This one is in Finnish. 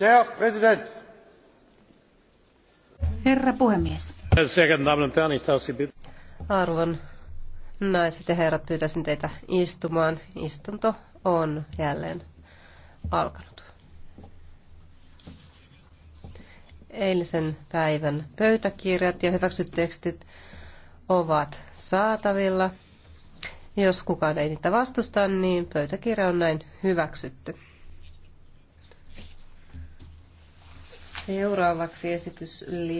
Der Präsident. Herra puhemies. Arvon naiset ja herrat, pyytäisin teitä istumaan. Istunto on jälleen alkanut. Eilisen päivän pöytäkirjat ja hyväksyt tekstit ovat saatavilla. Jos kukaan ei niitä vastusta, niin pöytäkirja on näin hyväksytty. Seuraavaksi esityslista.